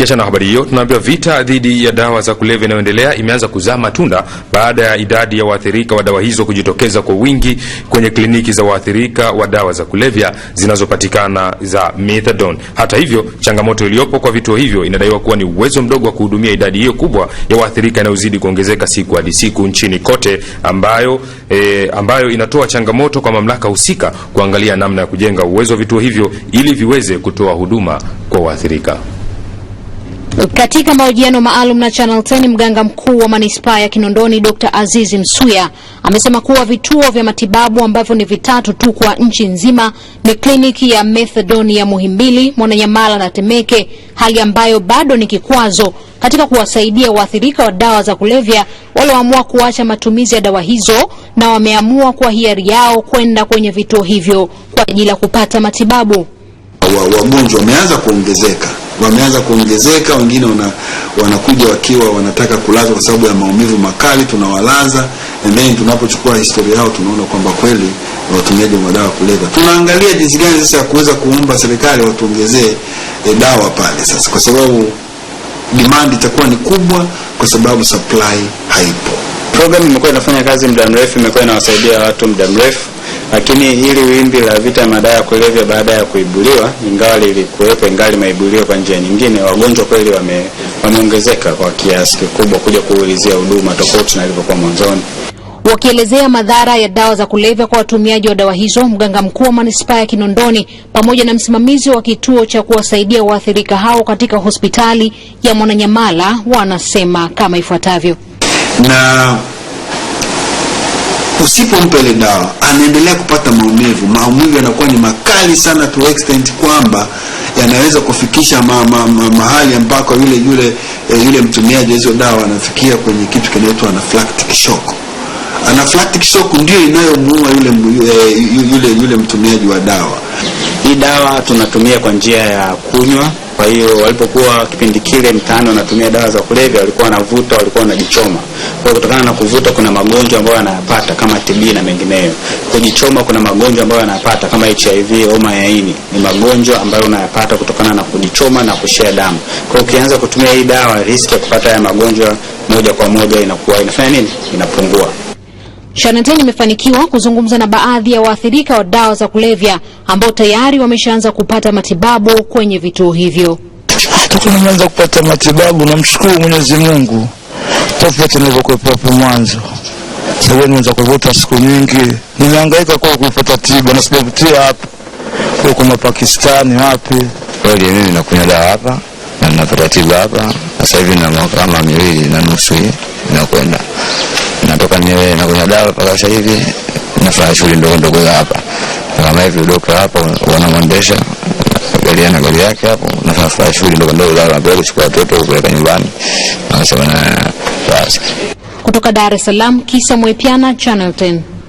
tukiacha na habari hiyo, tunaambiwa vita dhidi ya dawa za kulevya inayoendelea imeanza kuzaa matunda baada ya idadi ya waathirika wa dawa hizo kujitokeza kwa wingi kwenye kliniki za waathirika wa dawa za kulevya zinazopatikana za methadone. Hata hivyo, changamoto iliyopo kwa vituo hivyo inadaiwa kuwa ni uwezo mdogo wa kuhudumia idadi hiyo kubwa ya waathirika inayozidi kuongezeka siku hadi siku nchini kote, ambayo, e, ambayo inatoa changamoto kwa mamlaka husika kuangalia namna ya kujenga uwezo wa vituo hivyo ili viweze kutoa huduma kwa waathirika. Katika mahojiano maalum na Channel 10 mganga mkuu wa manispaa ya Kinondoni Dr. Azizi Msuya amesema kuwa vituo vya matibabu ambavyo ni vitatu tu kwa nchi nzima ni kliniki ya methadone ya Muhimbili, Mwananyamala na Temeke, hali ambayo bado ni kikwazo katika kuwasaidia waathirika wa dawa za kulevya walioamua kuacha matumizi ya dawa hizo na wameamua kwa hiari yao kwenda kwenye vituo hivyo kwa ajili ya kupata matibabu. Wagonjwa wameanza kuongezeka wameanza kuongezeka, wengine wana, wanakuja wakiwa wanataka kulazwa kwa sababu ya maumivu makali, tunawalaza and then tunapochukua historia yao tunaona kwamba kweli watumiaji wa madawa kulevya. Tunaangalia jinsi gani sasa ya kuweza kuomba serikali watuongezee e, dawa pale sasa, kwa sababu demand itakuwa ni kubwa, kwa sababu supply haipo. Program imekuwa inafanya kazi muda mrefu, imekuwa inawasaidia watu muda mrefu. Lakini hili wimbi la vita madawa ya kulevya baada ya kuibuliwa, ingawa lilikuwepo, ingali limeibuliwa kwa njia nyingine, wagonjwa kweli wame, wameongezeka kwa kiasi kikubwa kuja kuulizia huduma tofauti na ilivyokuwa mwanzoni. Wakielezea madhara ya dawa za kulevya kwa watumiaji wa dawa hizo, mganga mkuu wa manispaa ya Kinondoni pamoja na msimamizi wa kituo cha kuwasaidia waathirika hao katika hospitali ya Mwananyamala wanasema kama ifuatavyo na usipompa ile dawa anaendelea kupata maumivu. Maumivu yanakuwa ni makali sana to extent kwamba yanaweza kufikisha ma, ma, ma, mahali ambako yule yule e, yule mtumiaji hizo dawa anafikia kwenye kitu kinaitwa anaphylactic shock. Anaphylactic shock ndio inayomuua yule, yule, eh, yule, yule mtumiaji wa dawa. Hii dawa tunatumia kwa njia ya kunywa kwa hiyo walipokuwa kipindi kile mtaani wanatumia dawa za kulevya, walikuwa wanavuta, walikuwa wanajichoma. Kwa kutokana na kuvuta, kuna magonjwa ambayo anayapata kama TB na mengineyo. Kujichoma, kuna magonjwa ambayo anayapata kama HIV, homa ya ini, ni magonjwa ambayo unayapata kutokana na kujichoma na kushea damu. Kwa ukianza kutumia hii dawa, riski ya kupata haya magonjwa moja kwa moja inakuwa inafanya nini, inapungua shanaten imefanikiwa kuzungumza na baadhi ya waathirika wa dawa za kulevya ambao tayari wameshaanza kupata matibabu kwenye vituo hivyo. Toka nimeanza kupata matibabu, namshukuru Mwenyezi Mungu, tofauti nilivyokuwepo hapo mwanzo. Sasa nimeanza kuvuta siku nyingi, nimehangaika kwa kufuata tiba na sijavutia hapa huko Mapakistani, wapi kweli. Mimi nakunywa dawa hapa na ninapata tiba hapa, sasa hivi na kama miwili na nusu inakwenda Eh, na kunywa dawa mpaka sasa hivi nafanya shughuli ndogo ndogo za hapa kama hivi udoka hapa wanamwendesha gari na gari yake hapo, nafanya shughuli ndogo ndogo za hapa, kuchukua watoto kupeleka nyumbani, anasema na basi. Kutoka Dar es Salaam, Kisa Mwepiana, Channel 10.